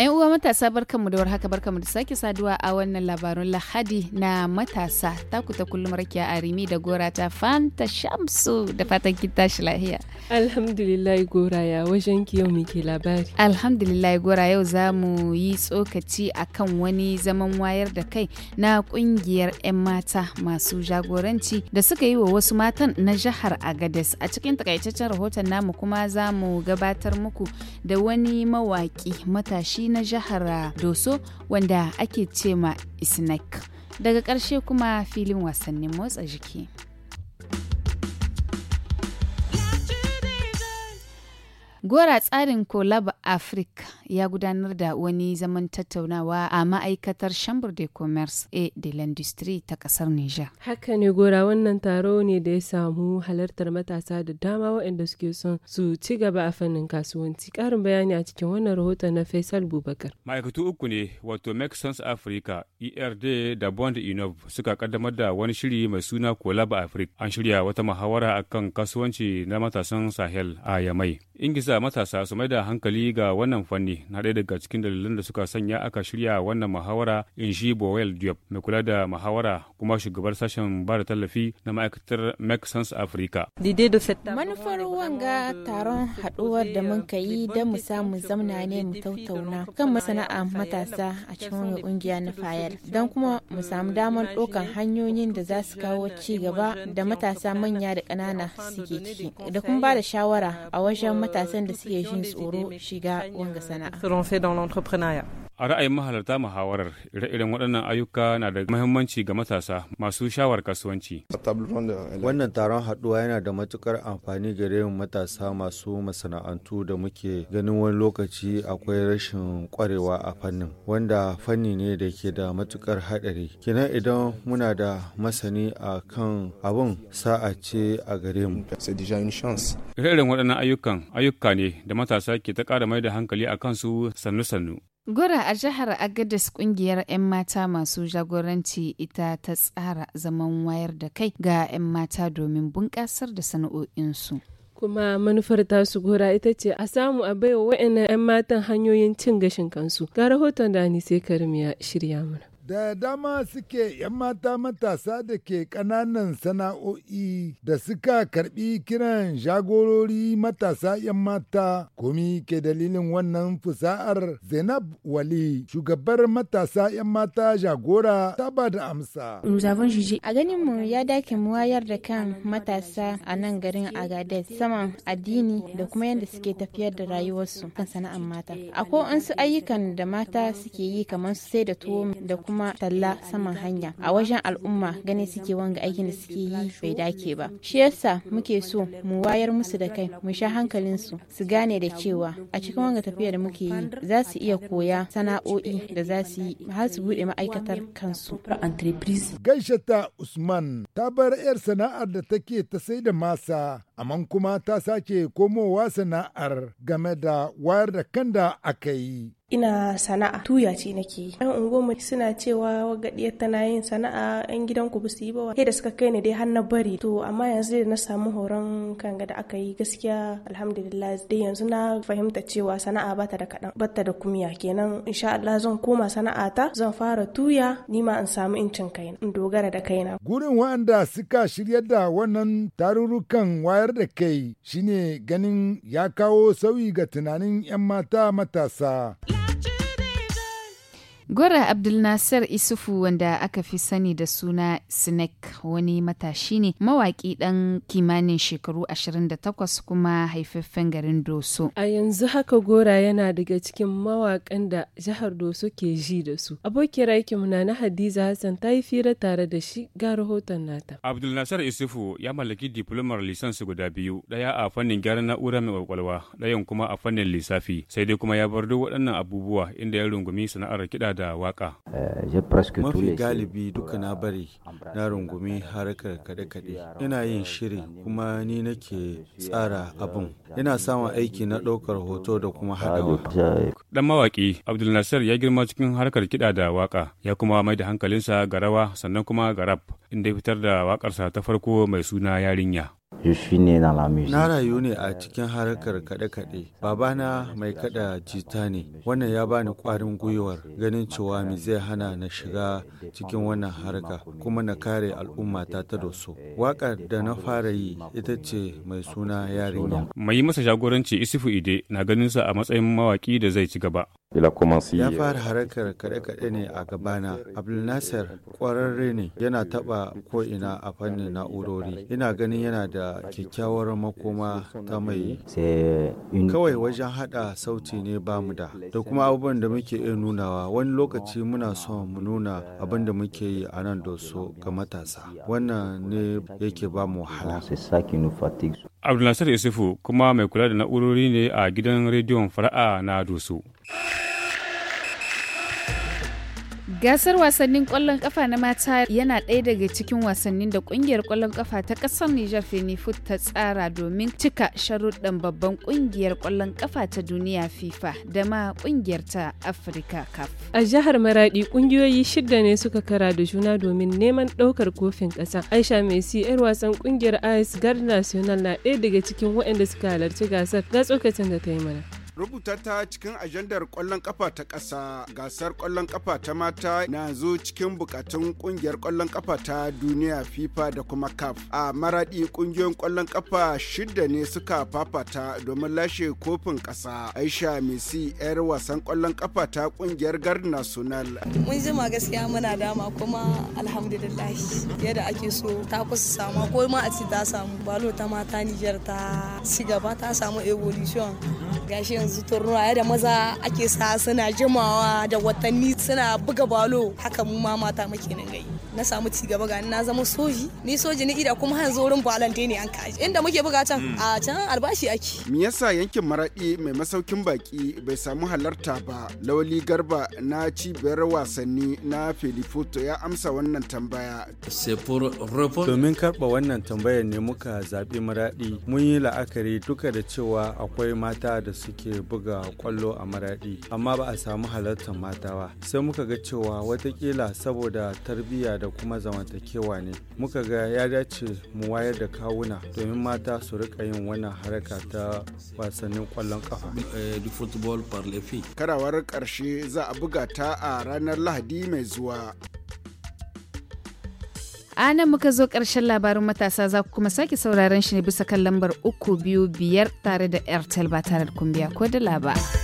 'Yan uwa matasa barkanmu da warhaka barkanmu da sake saduwa a wannan labarun lahadi na matasa taku ta kullum rakiya a rimi da gora ta fanta shamsu da fatan kin tashi lahiya. Alhamdulillah gora ya wajen ki yau muke labari. Alhamdulillah gora yau za mu yi tsokaci akan wani zaman wayar da kai na kungiyar 'yan mata masu jagoranci da suka yi wa wasu matan na jihar Agades a cikin takaitaccen rahoton namu kuma za mu gabatar muku da wani mawaki matashi na jihar Doso wanda ake ce ma Isnek. Daga karshe kuma filin wasannin motsa jiki. Gora tsarin Kolab Africa ya gudanar da wani zaman tattaunawa a ma'aikatar Chambre de Commerce et de l'Industrie ta kasar Nijar. Haka ne Gora wannan taro ne da ya samu halartar matasa da dama waɗanda suke son su ci gaba a fannin kasuwanci. Karin bayani a cikin wannan rahoton na Faisal Bubakar. Ma'aikatu uku ne wato Make Sense Africa, ERD da Bond Inov suka kaddamar da wani shiri mai suna Kolab Africa. An shirya wata muhawara akan kasuwanci na matasan Sahel a Yamai. Ingisa ingiza matasa su mai da hankali ga wannan fanni na ɗaya daga cikin dalilan da suka sanya aka shirya wannan muhawara in shi Bowel Diop mai kula da muhawara kuma shugabar sashen ba da tallafi na ma'aikatar Make Sense Africa. Manufar wanga taron haɗuwar da mun ka yi don mu samu zamna ne mu tattauna kan masana'a matasa a cikin ƙungiya na fayar don kuma mu samu damar ɗaukan hanyoyin da za su kawo ci gaba da matasa manya da ƙanana suke ciki da kuma ba da shawara a wajen matasan da suke jin tsoro shiga wanga sana'a. A ra'ayin mahalarta muhawarar ire-iren waɗannan ayyuka na da mahimmanci ga matasa masu shawar kasuwanci. Wannan taron haɗuwa yana da matukar amfani gare mu matasa masu masana'antu da muke ganin wani lokaci akwai rashin ƙwarewa a fannin wanda fanni ne da ke da matukar haɗari. kina idan muna da masani a kan abin sa'a ce a gare mu. Ire-iren waɗannan ayyukan ayyuka ayyuka ne da matasa ke ta ƙara mai da hankali a kansu sannu-sannu. Gura a jihar Agadis kungiyar 'yan mata masu jagoranci ita ta tsara zaman wayar da kai ga 'yan mata domin bunƙasar da sana'o'insu. kuma manufar tasu gora ita ce a samu a baiwa wa'annan 'yan matan hanyoyin cin gashin kansu ga rahoton da ni sai ya shirya mana da dama suke 'yan mata matasa da ke ƙananan sana'o'i da suka karbi kiran jagorori matasa 'yan mata komi ke dalilin wannan fusa'ar zainab wali shugabar matasa 'yan mata jagora ta ba da amsa a ganin mu ya dake mu wayar da kan matasa a nan garin agades saman addini da kuma yadda suke tafiyar da rayuwarsu kan sana'ar mata akwai wasu ayyukan da mata suke yi kamar sai da tuwo da kuma kuma talla saman hanya a wajen al'umma ganin suke wanga aikin da suke yi bai dake ba shi yasa muke so mu wayar musu da kai mu sha hankalin su su gane da cewa a cikin wanga tafiya da muke yi za su iya koya sana'o'i da za su yi har su bude ma'aikatar kansu gaishe ta usman ta bar yar sana'ar da take ta sai da masa amma kuma ta sake komowa sana'ar game da wayar da kan da aka yi ina sana'a tuya ce nake yi ɗan unguwarmu suna cewa wagadiyar tana yin sana'a yan gidan ku su yi ba da suka kai ni dai har na bari to amma yanzu da na samu horon kanga da aka yi gaskiya alhamdulillah dai yanzu na fahimta cewa sana'a bata da kaɗan bata da kumiya kenan insha Allah zan koma sana'a ta zan fara tuya ni ma in samu incin kaina in dogara da kaina gurin wa'anda suka shirya da wannan tarurrukan wayar da kai shine ganin ya kawo sauyi ga tunanin 'yan mata matasa. gora Abdulnasir Isufu wanda aka fi sani da suna Sinek wani matashi ne mawaƙi ɗan kimanin shekaru 28 kuma haifaffen garin Doso. A yanzu haka Gora yana daga cikin mawaƙan da jihar Doso ke ji da su. Abokiyar aikinmu na na Hadiza Hassan ta yi fira tare da shi ga rahoton nata. Abdulnasir Isufu ya mallaki diplomar lisansi guda biyu, ɗaya a fannin gyaran na'ura mai kwakwalwa, ɗayan kuma a fannin lissafi. Sai dai kuma ya bar duk waɗannan abubuwa inda ya rungumi sana'ar kiɗa da waka? Mafi galibi duka na bari na rungumi harkar kaɗe-kaɗe. Ina yin shiri kuma ni nake tsara abin. Ina samun aiki na ɗaukar hoto da kuma haɗawa. Dan mawaƙi Abdul Nasir ya girma cikin harkar kiɗa da waka ya kuma mai da hankalinsa ga rawa sannan kuma ga rap inda ya fitar da waƙarsa ta farko mai suna yarinya. Na rayu ne a cikin harkar kaɗe-kaɗe. Babana mai kaɗa jita ne. Wannan ya bani kwarin gwiwar ganin cewa mi zai hana na shiga cikin wannan harka kuma na kare al'umma ta ta doso. Waƙar da na fara yi ita ce mai suna yarinya. Mai masa jagoranci isifu Ide na ganin sa a matsayin mawaki da zai ci gaba. Ya fara harkar kaɗe-kaɗe ne a gabana. Abdulnasir ƙwararre ne yana taɓa ko'ina a fannin na'urori. Ina ganin yana da kyakkyawar makoma ta mai. Kawai wajen haɗa sauti ne ba mu da. Da kuma abubuwan da muke iya nunawa wani lokaci muna so mu nuna abin da muke yi a nan su ga matasa. Wannan ne yake ba mu wahala. Abdulnasir Yusufu kuma mai kula da na'urori ne a gidan rediyon fara'a na dusu. Gasar wasannin kwallon kafa na mata yana ɗaya daga cikin wasannin da kungiyar kwallon kafa ta ƙasar Nijar Fenifut ta tsara domin cika sharuɗɗan babban kungiyar kwallon kafa ta duniya FIFA da ma kungiyar ta Afirka CAF. A jihar maraɗi ƙungiyoyi shida ne suka kara da juna domin neman ɗaukar kofin ƙasa. Aisha Messi yar wasan kungiyar AS Gard National na ɗaya daga cikin waɗanda suka halarci gasar ga tsokacin da ta yi mana. rubuta ta cikin ajandar kwallon kafa ta ƙasa gasar kwallon kafa ta mata na yanzu cikin bukatun kungiyar kwallon kafa ta duniya fifa da kuma caf a maradi kungiyoyin kwallon kafa shida ne suka fafata domin lashe kofin ƙasa aisha mesi yar wasan kwallon kafa ta kungiyar gar national mun ma gaskiya muna dama kuma alhamdulillah yadda ake so ta kusa sama ko ma a ci ta samu balo ta mata nijar ta ci gaba ta samu evolution gashi yanzu turnuwa da maza ake sa suna jimawa da watanni suna buga balo haka mu ma mata muke nan gai na samu ci gaba ga na zama soji ni soji ni ida kuma hanzo wurin balante ne an kaji inda muke buga can hmm. a can albashi ake me yasa yankin maradi mai masaukin baki bai samu halarta ba lawali garba na cibiyar wasanni na filifoto ya amsa wannan tambaya domin karba wannan tambayar ne muka zaɓi maraɗi mun yi la'akari duka da cewa akwai mata da suke buga kwallo a maraɗi amma ba a samu halartar mata ba sai muka ga cewa watakila saboda tarbiyya da kuma zamantakewa ne muka ga ya dace mu wayar da kawuna domin mata su rika yin wannan haraka ta wasannin kwallon kafa eh, karawar karshe za a buga ta a ranar lahadi mai zuwa a nan muka zo ƙarshen labarin matasa za ku kuma sake sauraron shi ne bisa kan lambar uku biyu biyar tare da airtel ba tare da kumbiya ko da laba.